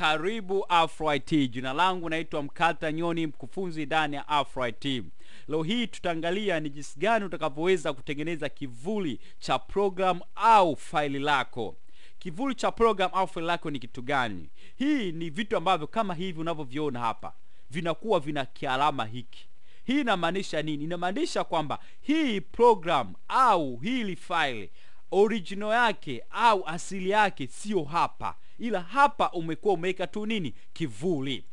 Karibu Afro IT. Jina langu naitwa Mkata Nyoni, mkufunzi ndani ya Afro IT. Leo hii tutaangalia ni jinsi gani utakavyoweza kutengeneza kivuli cha program au faili lako. Kivuli cha program au faili lako ni kitu gani? Hii ni vitu ambavyo kama hivi unavyoviona hapa vinakuwa vina kialama hiki. Hii inamaanisha nini? Inamaanisha kwamba hii program au hili faili original yake au asili yake sio hapa ila hapa umekuwa umeweka tu nini kivuli.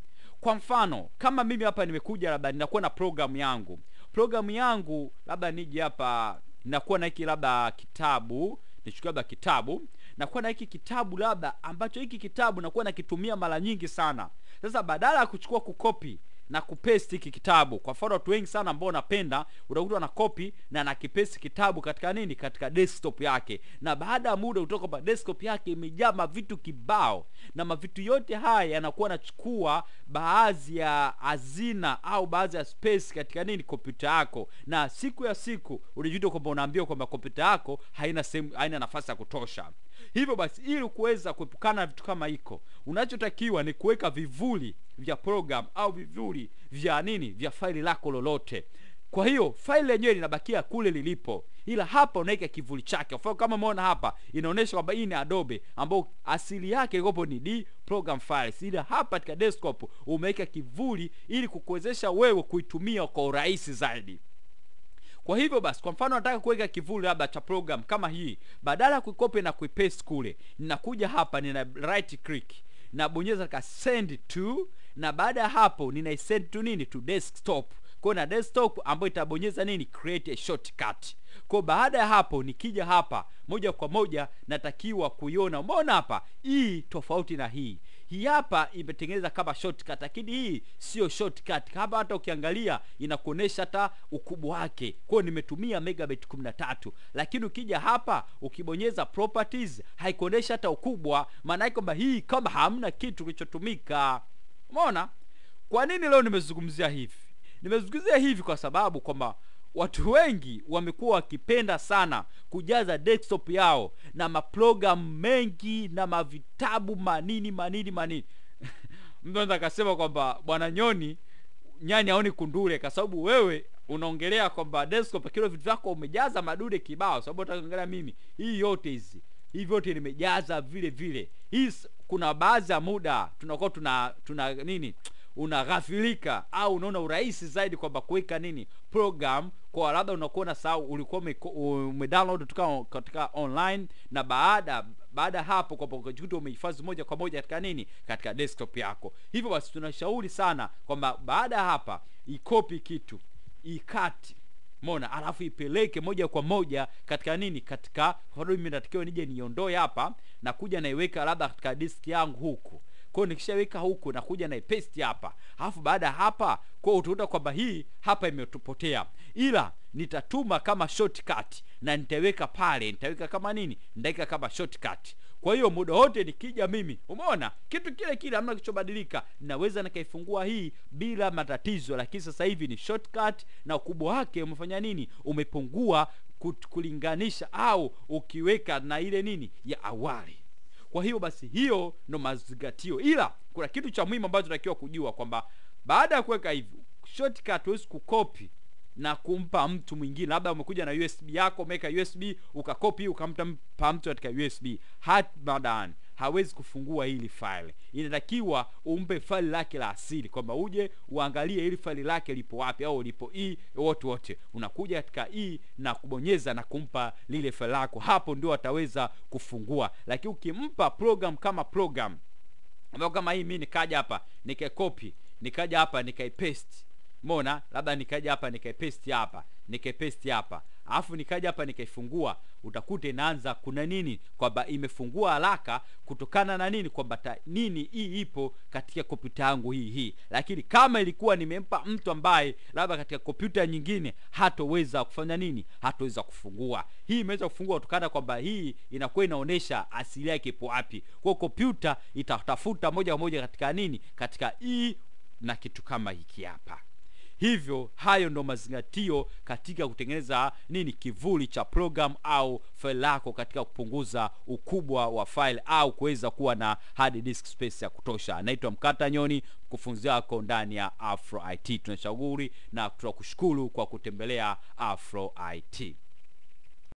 Kwa mfano kama mimi hapa nimekuja, labda ninakuwa na programu yangu, programu yangu labda niji hapa, ninakuwa na hiki labda kitabu, nichukua labda kitabu nakuwa na hiki kitabu labda ambacho hiki kitabu nakuwa nakitumia mara nyingi sana. Sasa badala ya kuchukua kukopi, na kupesti hiki kitabu. Kwa mfano, watu wengi sana ambao wanapenda, utakuta ana copy na anakipesti kitabu katika nini, katika desktop yake, na baada ya muda utoka kwa desktop yake imejaa mavitu kibao, na mavitu yote haya yanakuwa nachukua baadhi ya hazina au baadhi ya space katika nini, kompyuta yako, na siku ya siku unajuta kwamba unaambiwa kwamba kompyuta yako haina sehemu, haina nafasi ya kutosha. Hivyo basi, ili kuweza kuepukana na vitu kama hiko, unachotakiwa ni kuweka vivuli vya program au vivuli vya nini vya faili lako lolote. Kwa hiyo faili lenyewe linabakia kule lilipo, ila hapa unaweka kivuli chake. Kwa kama umeona hapa inaonyesha kwamba hii ni Adobe ambayo asili yake ilikopo ni D program files, ila hapa katika desktop umeweka kivuli ili kukuwezesha wewe kuitumia kwa urahisi zaidi. Kwa hivyo basi, kwa mfano nataka kuweka kivuli labda cha program kama hii, badala ya kuikopi na kuipaste kule, ninakuja hapa, nina right click, nabonyeza ka send to na baada ya hapo ninaisend tu nini to desktop kwa na desktop ambayo itabonyeza nini create a shortcut kwa baada ya hapo nikija hapa moja kwa moja natakiwa kuiona umeona hapa hii tofauti na hii hii hapa imetengeneza kama shortcut lakini hii sio shortcut hapa hata ukiangalia inakuonesha hata ukubwa wake kwao nimetumia megabit 13 lakini ukija hapa ukibonyeza properties haikuonesha hata ukubwa maana kwamba hii kama hamna kitu kilichotumika Umeona kwa nini leo nimezungumzia hivi? Nimezungumzia hivi kwa sababu kwamba watu wengi wamekuwa wakipenda sana kujaza desktop yao na maprogram mengi na mavitabu manini manini manini. Mtu anaweza akasema kwamba bwana Nyoni, nyani aoni kundule, kwa sababu wewe unaongelea kwamba desktop kile vitu vyako umejaza madude kibao, sababu utaangalia mimi hii yote hizi hivyo yote nimejaza vile vile. Hii kuna baadhi ya muda tunakuwa tuna tuna nini unaghafilika au unaona urahisi zaidi kwamba kuweka nini program kwa labda unakuwa na sahau ulikuwa umedownload kutoka katika online, na baada baada hapo kwamba ukajikuta umehifadhi moja kwa moja katika nini katika desktop yako. Hivyo basi tunashauri sana kwamba baada hapa ikopi kitu ikati Mona, alafu ipeleke moja kwa moja katika nini, katika kwa mimi natakiwa nije niondoe hapa na kuja naiweka labda katika diski yangu huku. Kwa hiyo nikishaweka huku na kuja na paste hapa, alafu baada hapa kwa utakuta kwamba hii hapa imetupotea, ila nitatuma kama shortcut na nitaweka pale, nitaweka kama nini, nitaweka kama shortcut. Kwa hiyo muda wote nikija mimi, umeona kitu kile kile, hamna kichobadilika, naweza nikaifungua hii bila matatizo. Lakini sasa hivi ni shortcut na ukubwa wake umefanya nini, umepungua kulinganisha au ukiweka na ile nini ya awali. Kwa hiyo basi, hiyo ndo mazingatio, ila kuna kitu cha muhimu ambacho natakiwa kujua kwamba baada ya kuweka hivi shortcut, huwezi kukopi na kumpa mtu mwingine. Labda umekuja na USB yako, umeweka USB ukakopi, ukampa mtu katika USB, hatmadan hawezi kufungua hili faili. Inatakiwa umpe faili lake la asili, kwamba uje uangalie hili faili lake lipo wapi, au lipo i wote wote, unakuja katika i na kubonyeza na kumpa lile faili lako, hapo ndio ataweza kufungua. Lakini ukimpa program kama program ambao kama hii, mimi nikaja hapa nikakopi nikaja hapa nikaipaste umeona, labda nikaja hapa nikaipesti hapa nikaipesti hapa alafu nikaja hapa nikaifungua, utakuta inaanza kuna nini, kwamba imefungua haraka kutokana na nini, kwamba nini hii ipo katika kompyuta yangu hii hii. Lakini kama ilikuwa nimempa mtu ambaye labda katika kompyuta nyingine hatoweza kufanya nini, hatoweza kufungua. Hii imeweza kufungua kutokana kwamba hii inakuwa inaonesha asili yake ipo wapi. Kwa kompyuta itatafuta moja kwa moja katika nini, katika hii na kitu kama hiki hapa. Hivyo hayo ndo mazingatio katika kutengeneza nini, kivuli cha program au faili lako, katika kupunguza ukubwa wa faili au kuweza kuwa na hard disk space ya kutosha. Naitwa Mkata Nyoni, mkufunzi wako ndani ya Afro IT. Tunashauri na tunakushukuru kwa kutembelea Afro IT.